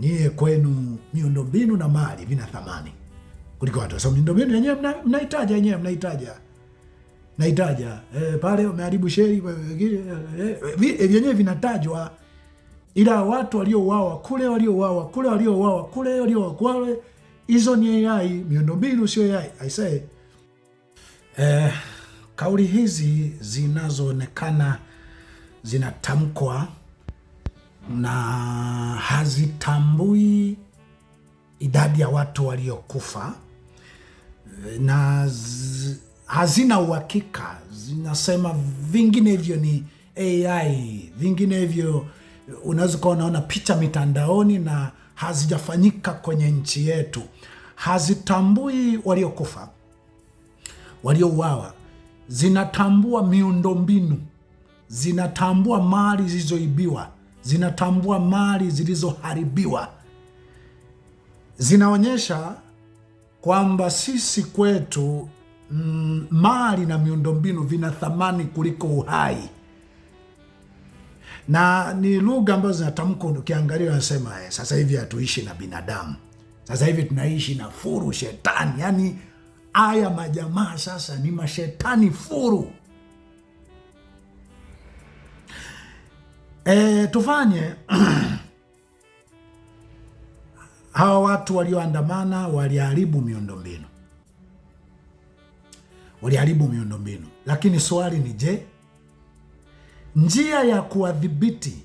nyie kwenu miundombinu na mali vina thamani kuliko watu, sababu miundombinu yenyewe mnaitaja yenyewe mnaitaja naitaja e, eh, pale wameharibu sheri eh, eh, vyenyewe vinatajwa, ila watu waliouawa kule, waliouawa kule, waliouawa kule, walio kule, hizo ni AI, miundombinu sio AI. I say eh, kauli hizi zinazoonekana zinatamkwa na hazitambui idadi ya watu waliokufa na hazina uhakika, zinasema vinginevyo ni AI, vinginevyo unaweza ukawa unaona picha mitandaoni na hazijafanyika kwenye nchi yetu. Hazitambui waliokufa, waliouawa, zinatambua miundombinu, zinatambua mali zilizoibiwa zinatambua mali zilizoharibiwa, zinaonyesha kwamba sisi kwetu mm, mali na miundombinu vina thamani kuliko uhai, na ni lugha ambazo zinatamka. Ukiangalia unasema eh, sasa hivi hatuishi na binadamu, sasa hivi tunaishi na furu, shetani. Yani haya majamaa sasa ni mashetani furu E, tufanye hawa watu walioandamana waliharibu miundombinu, waliharibu miundombinu, lakini swali ni je, njia ya kuwadhibiti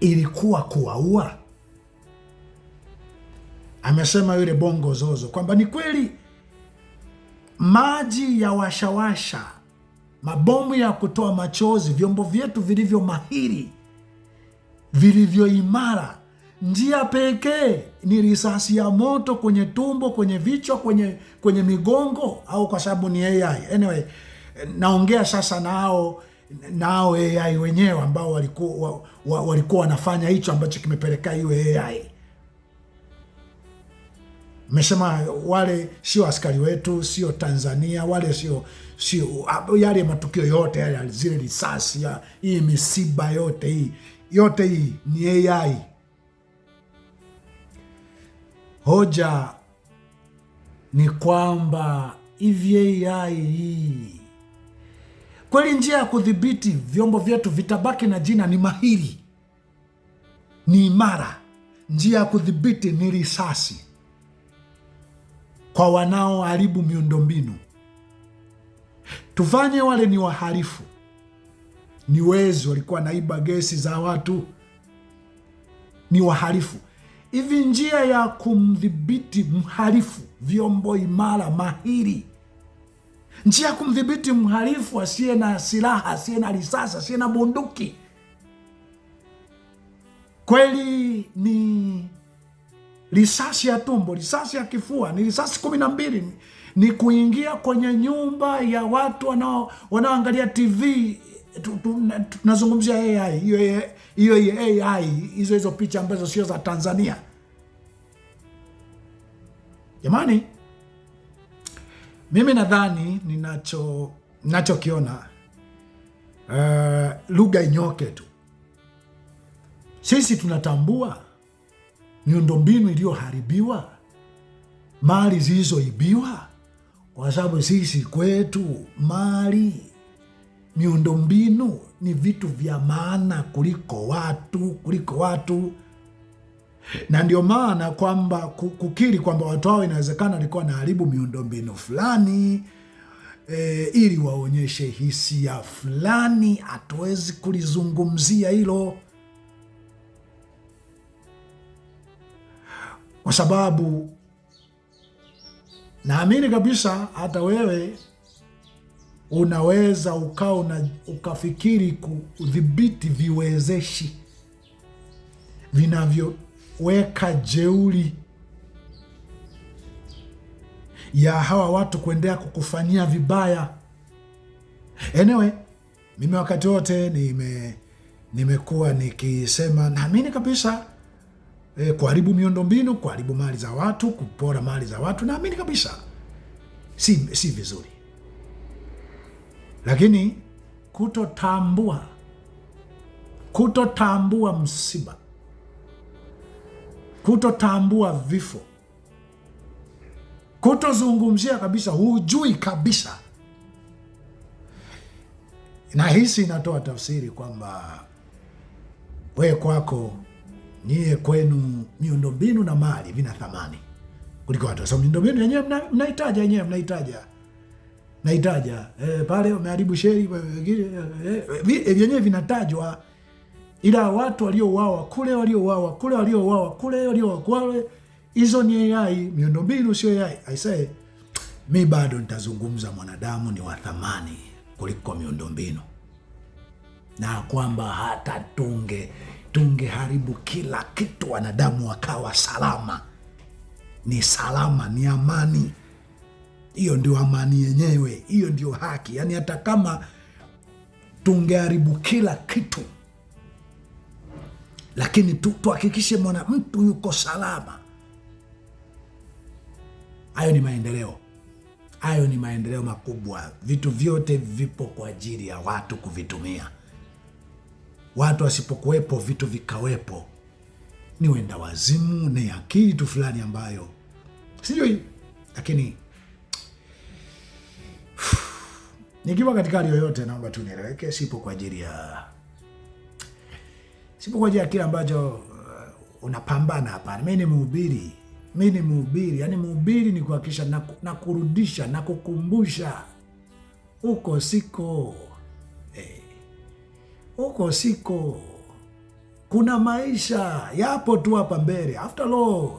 ilikuwa kuwaua? Amesema yule Bongo Zozo kwamba ni kweli maji ya washawasha mabomu ya kutoa machozi, vyombo vyetu vilivyo mahiri, vilivyo imara. Njia pekee ni risasi ya moto kwenye tumbo, kwenye vichwa, kwenye kwenye migongo, au kwa sababu ni AI. Anyway, naongea sasa nao nao AI wenyewe ambao walikuwa walikuwa wanafanya hicho ambacho kimepelekea iwe AI. Mmesema wale sio askari wetu, sio Tanzania, wale sio sio ah, yale matukio yote yale, zile risasi ya, hii misiba yote hii yote hii ni AI. Hoja ni kwamba hivi AI hii kweli, njia ya kudhibiti vyombo vyetu vitabaki na jina ni mahiri, ni imara. Njia ya kudhibiti ni risasi kwa wanaoharibu miundombinu. Tufanye wale ni waharifu ni wezi, walikuwa naiba gesi za watu, ni waharifu Hivi njia ya kumdhibiti mharifu vyombo imara mahiri, njia ya kumdhibiti mharifu asiye na silaha, asiye na risasi, asiye na bunduki, kweli ni risasi ya tumbo, risasi ya kifua, ni risasi kumi na mbili ni kuingia kwenye nyumba ya watu wanao wanaoangalia TV. Tunazungumzia AI hiyo hiyo AI, hizo hizo picha ambazo sio za Tanzania. Jamani, mimi nadhani ninacho nachokiona, uh, eh, lugha inyoke tu. Sisi tunatambua miundombinu iliyoharibiwa, mali zilizoibiwa, kwa sababu sisi kwetu mali, miundombinu ni vitu vya maana kuliko watu, kuliko watu. Na ndio maana kwamba kukiri kwamba watu hao inawezekana alikuwa naharibu miundombinu fulani E, ili waonyeshe hisia fulani, hatuwezi kulizungumzia hilo. kwa sababu naamini kabisa hata wewe unaweza ukawa na ukafikiri kudhibiti viwezeshi vinavyoweka jeuri ya hawa watu kuendelea kukufanyia vibaya. Enewe, mimi wakati wote nime nimekuwa nikisema naamini kabisa e, kuharibu miundombinu, kuharibu mali za watu, kupora mali za watu, naamini kabisa si, si vizuri, lakini kutotambua kutotambua msiba, kutotambua vifo, kutozungumzia kabisa, hujui kabisa, na hisi inatoa tafsiri kwamba wewe kwako nyie kwenu miundombinu na mali vina thamani kuliko watu, sababu miundombinu yenyewe mnaitaja yenyewe mnahitaja naitaja e, eh, pale wameharibu sheri eh, eh, vyenyewe vinatajwa, ila watu waliouawa kule, waliouawa kule, waliouawa kule, walioa kule, hizo ni AI, miundombinu sio AI. I say mi bado nitazungumza mwanadamu ni wa thamani kuliko miundombinu na kwamba hata tunge tungeharibu kila kitu, wanadamu wakawa salama. Ni salama, ni amani. Hiyo ndio amani yenyewe, hiyo ndio haki. Yaani hata kama tungeharibu kila kitu, lakini tuhakikishe mwana mtu yuko salama. Hayo ni maendeleo, hayo ni maendeleo makubwa. Vitu vyote vipo kwa ajili ya watu kuvitumia. Watu wasipokuwepo, vitu vikawepo, ni wenda wazimu, ni akili tu fulani ambayo sijui, lakini nikiwa katika hali yoyote, naomba tu nieleweke, sipo kwa ajili ya sipo kwa ajili ya kile ambacho uh, unapambana. Hapana, mi ni mhubiri, mi ni mhubiri. Yani mhubiri ni kuhakikisha na, na kurudisha na kukumbusha huko siko huko siko, kuna maisha yapo tu hapa mbele. After all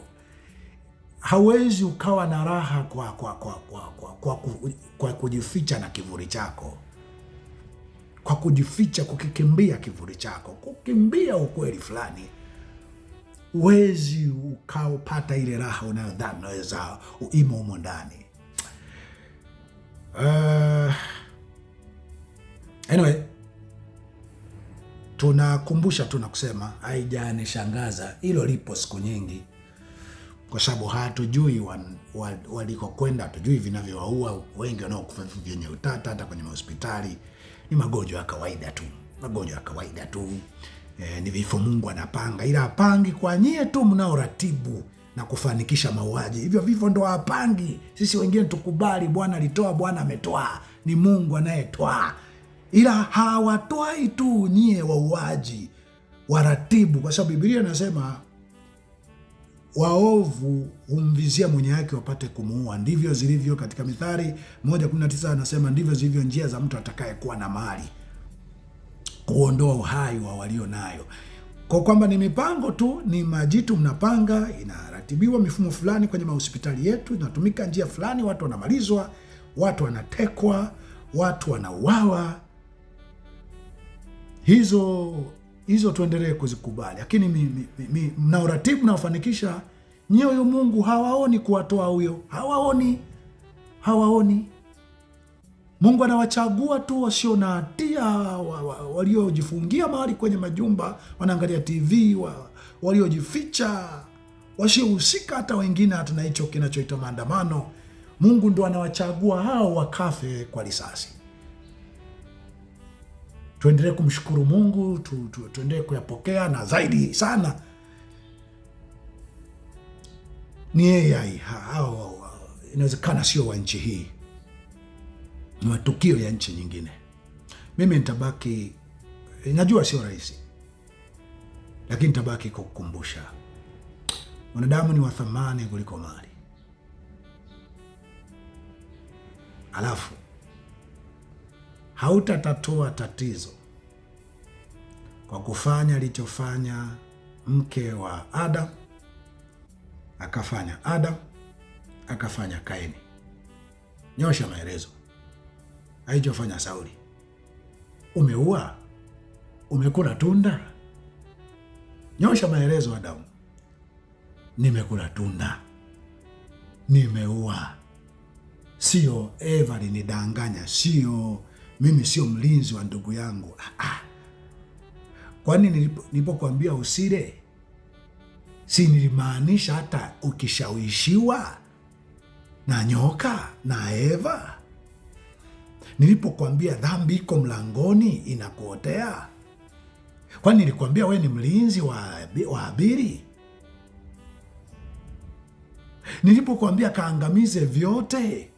hauwezi ukawa na raha kwa kwa kwa kwa kwa, kwa, kwa, kujificha na kivuli chako, kwa kujificha, kukikimbia kivuli chako, kukimbia ukweli fulani huwezi ukaopata ile raha unayodhani unaweza uimo humo ndani. Uh, anyway tunakumbusha tu na kusema haijanishangaza, hilo lipo siku nyingi, kwa sababu hatujui walikokwenda, hatujui vinavyowaua wengi wanaokufa vyenye utata, hata kwenye mahospitali ni magonjwa ya kawaida tu, magonjwa ya kawaida tu. E, ni vifo Mungu anapanga, ila apangi kwa nyie tu mnaoratibu na kufanikisha mauaji. Hivyo vifo ndo apangi, sisi wengine tukubali. Bwana alitoa, Bwana ametoa, ni Mungu anayetwaa ila hawatwai tu nyie wauaji, waratibu, kwa sababu Biblia inasema waovu humvizia mwenye wake wapate kumuua. Ndivyo zilivyo katika Mithali 1:19 anasema ndivyo zilivyo njia za mtu atakayekuwa na mali kuondoa uhai wa walio nayo, kwa kwamba ni mipango tu, ni majitu mnapanga, inaratibiwa mifumo fulani kwenye mahospitali yetu, inatumika njia fulani, watu wanamalizwa, watu wanatekwa, watu wanauawa, hizo hizo tuendelee kuzikubali, lakini mi, mi, mi, mnaoratibu nyie, huyu Mungu hawaoni kuwatoa huyo, hawaoni hawaoni. Mungu anawachagua tu wasio na hatia, waliojifungia mahali kwenye majumba wanaangalia TV, waliojificha, wasiohusika, hata wengine hatuna hicho kinachoitwa maandamano. Mungu ndo anawachagua hao wakafe kwa risasi tuendelee kumshukuru Mungu tu, tu, tuendelee kuyapokea na zaidi sana ni yeye au inawezekana sio wa nchi hii, ni matukio ya nchi nyingine. Mimi nitabaki, najua sio rahisi, lakini nitabaki kukukumbusha wanadamu ni wa thamani kuliko mali. Alafu hautatatua tatizo kwa kufanya alichofanya mke wa Adam akafanya Adam akafanya Kaini. Nyosha maelezo alichofanya Sauli. Umeua, umekula tunda. Nyosha maelezo Adamu, nimekula tunda, nimeua. Sio Eva alinidanganya, sio mimi sio mlinzi wa ndugu yangu. Ah, ah. kwani nilipokuambia usile, si nilimaanisha hata ukishawishiwa na nyoka na Eva? Nilipokuambia dhambi iko mlangoni inakuotea, kwani nilikwambia we ni mlinzi wa Abiri? Nilipokuambia kaangamize vyote,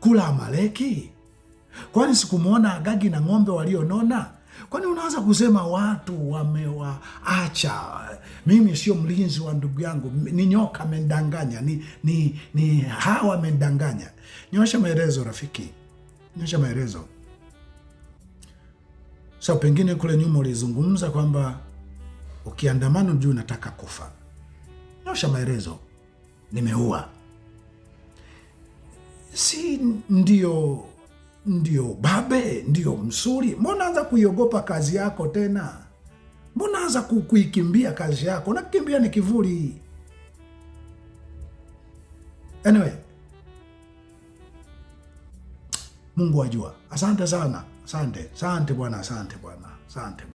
kula Amaleki Kwani sikumwona Agagi na ng'ombe walionona? Kwani unaweza kusema watu wamewaacha? Mimi sio mlinzi wa ndugu yangu, ni nyoka amendanganya, ni, ni, ni hawa amendanganya. Nyosha maelezo rafiki, nyosha maelezo. Sa so, pengine kule nyuma ulizungumza kwamba ukiandamana juu nataka kufa. Nyosha maelezo, nimeua si ndio? ndio babe, ndio msuri. Mbona anza kuiogopa kazi yako tena? Mbona anza kuikimbia kazi yako? Nakimbia ni kivuli. Anyway, Mungu ajua. Asante sana, asante, asante Bwana, asante Bwana, asante.